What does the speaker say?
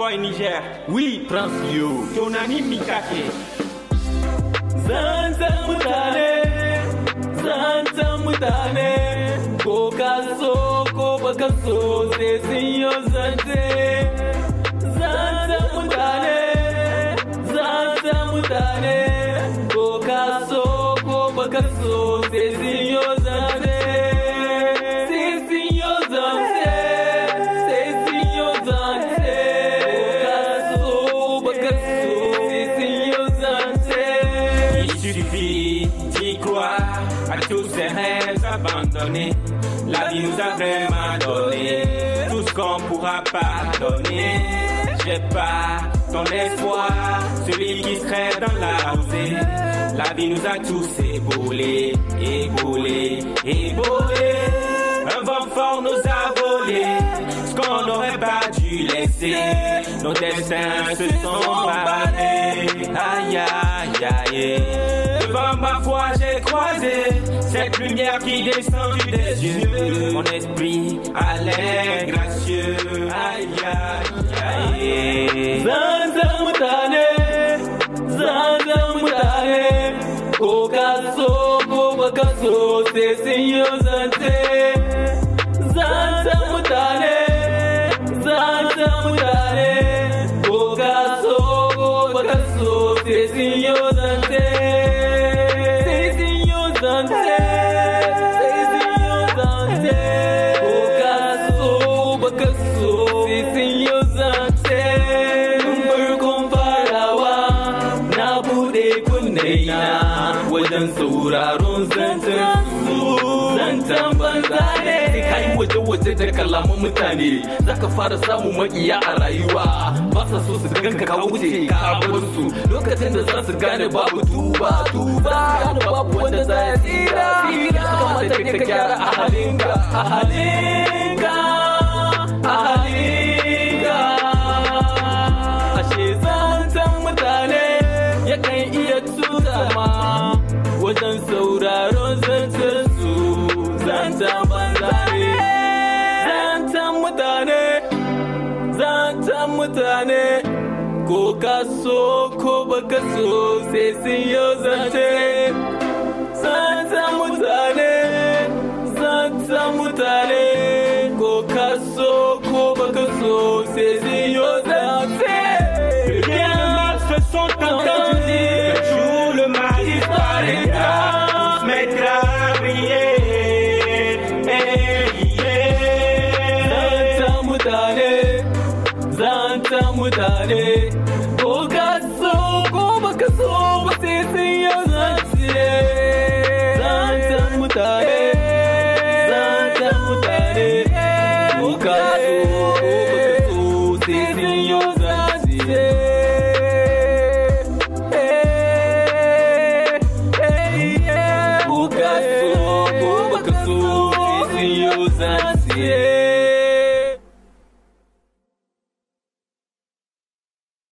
boy Niger, we trans you. Tunani mikake. Zanza mutane, zanza mutane. Ko kaso, ko bakaso, Zanza mutane, zanza mutane. Ko kaso, ko bakaso, suffit d'y croire à tous ces rêves abandonnés. La vie nous a vraiment donné tout ce qu'on pourra pardonner J'ai pas ton espoir, celui qui serait dans la rosée. La vie nous a tous éboulés, éboulés, éboulés. Un vent fort nous a volé ce qu'on n'aurait pas dû laisser. Nos destins se sont barrés. Aïe, aïe, aïe croisé, cette lumière qui descend du des yeux, mon esprit allait gracieux, aïe aïe aïe. mutane, mutane, c'est mutane. daina wajen sauraron su zantar banza ne kai waje-waje da kalaman mutane za ka fara samun maƙiya a rayuwa ba sa so su ganka ka wuce ka bar su lokacin da za su gane babu tuba tuba gane babu wanda za ya tsira tsira kamata ka gyara a halinka a halinka damuwa wajen sauraron zancen su zancen banzare zancen mutane zancen mutane ko ka so ko baka so sai sun yau zance zancen mutane zan ta mutane ko ka so ko baka so ba sai sun yi zance zan ta mutane zan ta mutane ko ka so ko baka so sai zance Yeah.